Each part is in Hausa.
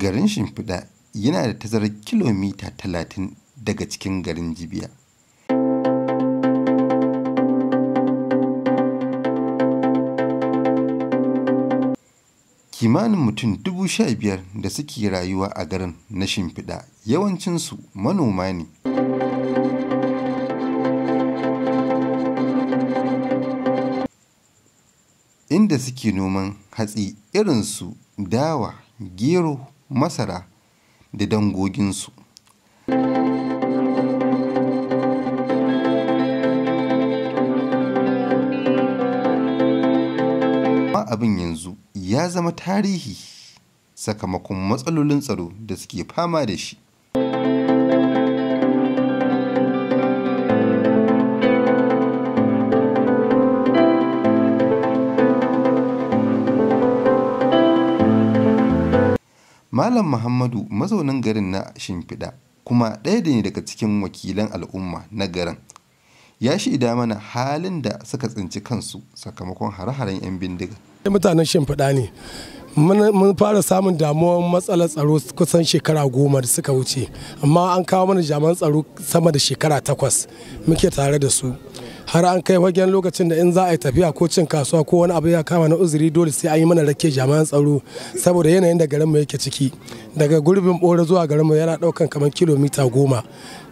garin Shimfiɗa yana da tazarar kilomita talatin daga cikin garin Jibiya. Kimanin mutum dubu sha biyar da suke rayuwa a garin na Shimfiɗa yawancinsu manoma ne. Inda suke noman hatsi irinsu dawa, gero, masara da dangoginsu. abin yanzu ya zama tarihi sakamakon matsalolin tsaro da suke fama da shi. Malam Muhammadu mazaunin garin na Shimfiɗa kuma ɗaya da ne daga cikin wakilan al'umma na garin. Ya shaida mana halin da suka tsinci kansu sakamakon hare-haren 'yan bindiga. Mutanen Shimfiɗa ne. mun fara samun damuwar matsalar tsaro kusan shekara goma da suka wuce amma an kawo mana jaman tsaro sama da shekara takwas muke tare da su har an kai wajen lokacin da in za a yi tafiya ko cin kasuwa ko wani abu ya kama na uzuri dole sai an yi mana rake jami'an tsaro saboda yanayin da garinmu yake ciki daga gurbin bora zuwa garinmu yana daukan kamar kilomita goma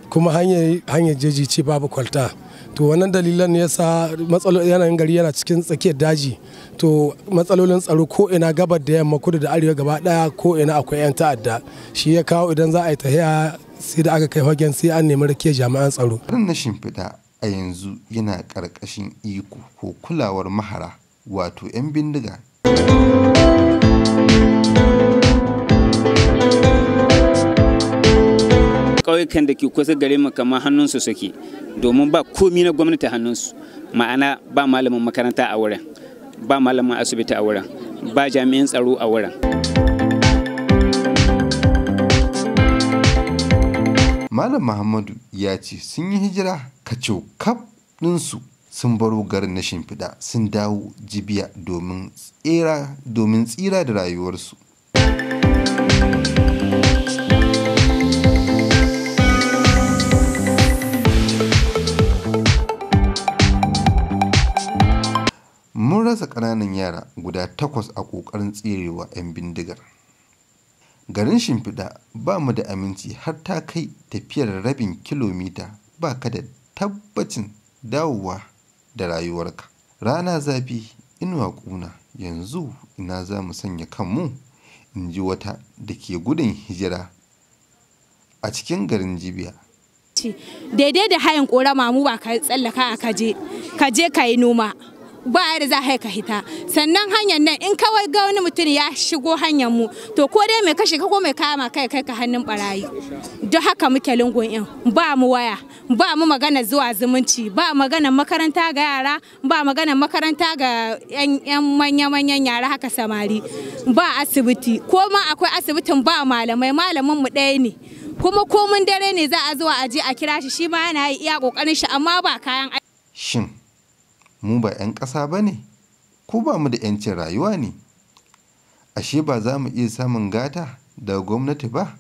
kuma hanyar jeji ce babu kwalta to wannan dalilan ne yasa matsalolin yanayin gari yana cikin tsakiyar daji to matsalolin tsaro ko ina gabar da yamma kudu da arewa gaba daya ko ina akwai yan ta'adda shi ya kawo idan za a yi tafiya sai da aka kai fagen sai an nemi rake jami'an tsaro. na shimfiɗa a yanzu yana ƙarƙashin iko ko kulawar mahara wato 'yan bindiga. ƙauyukan da ke kusa gare mu kamar hannunsu suke domin ba komi na gwamnati hannunsu ma'ana ba malamin makaranta a wurin ba malamin asibiti a wurin ba jami'in tsaro a wurin malam muhammadu ya ce sun yi hijira kacau kaf ɗinsu sun baro garin na shimfiɗa sun dawo jibiya domin domin tsira da rayuwarsu mun rasa ƙananan yara guda takwas a ƙoƙarin tserewa 'yan bindigar garin shimfiɗa ba mu da aminci har ta kai tafiyar rabin kilomita ba ka da tabbacin dawowa da rayuwarka. Rana zafi inuwa ƙuna yanzu ina za mu sanya kanmu? in ji wata da ke gudun hijira a cikin garin Jibiya. Daidai da hayan ƙorama mu ba ka tsallaka a kaje, kaje ka yi noma. ba a da za a ka hita sannan hanyar nan in kawai ga wani mutum ya shigo hanyar mu to ko dai mai kashe ka ko mai kama kai kai ka hannun barayi don haka muke lungun in ba mu waya ba mu magana zuwa zumunci ba magana makaranta ga yara ba magana makaranta ga 'yan manya-manyan yara haka samari ba asibiti ko ma akwai asibitin ba malamai malamin mu ɗaya ne kuma komin dare ne za a zuwa a je a kira shi shi ma yana iya kokarin shi amma ba kayan shin mu ba 'yan ƙasa ba ne ko ba mu da 'yancin rayuwa ne ashe ba za mu iya samun gata daga gwamnati ba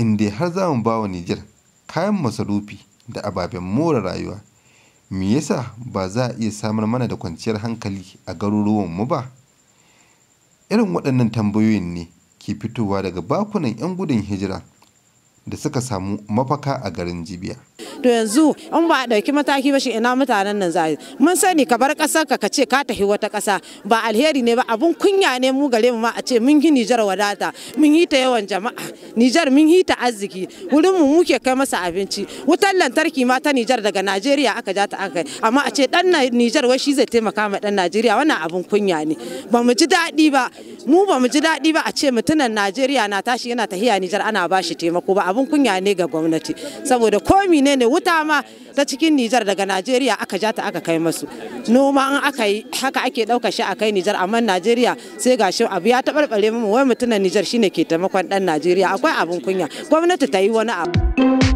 inda har za mu ba wa Nijar kayan masarufi da ababen more rayuwa. Me yasa ba za a iya samar mana da kwanciyar hankali a garuruwanmu ba? Irin waɗannan tambayoyin ne ke fitowa daga bakunan 'yan gudun hijira da suka samu mafaka a garin Jibiya. to yanzu in ba a dauki mataki ba shi ina mutanen nan zai mun sani ka bar kasar ka ce ka tafi wata kasa ba alheri ne ba abun kunya ne mu gare mu ma a ce mun yi Nijar wadata mun yi ta yawan jama'a Nijar mun yi ta arziki wurin mu muke kai masa abinci wutar lantarki ma ta Nijar daga Najeriya aka ja ta aka amma a ce dan Nijar wai shi zai taimaka ma dan Najeriya wannan abun kunya ne ba mu ji daɗi ba mu ba mu ji daɗi ba a ce mutunan Najeriya na tashi yana tahiya Nijar ana ba shi taimako ba abun kunya ne ga gwamnati saboda komi ne ne da wuta ma ta cikin Nijar daga Najeriya aka ja ta aka kai masu noma in aka yi haka ake ɗaukar shi a kai Nijar amma Najeriya sai gashi abu ya taɓarɓare mu wai mutumin Nijar shine ke taimakon ɗan Najeriya akwai abin kunya gwamnati ta yi wani abu.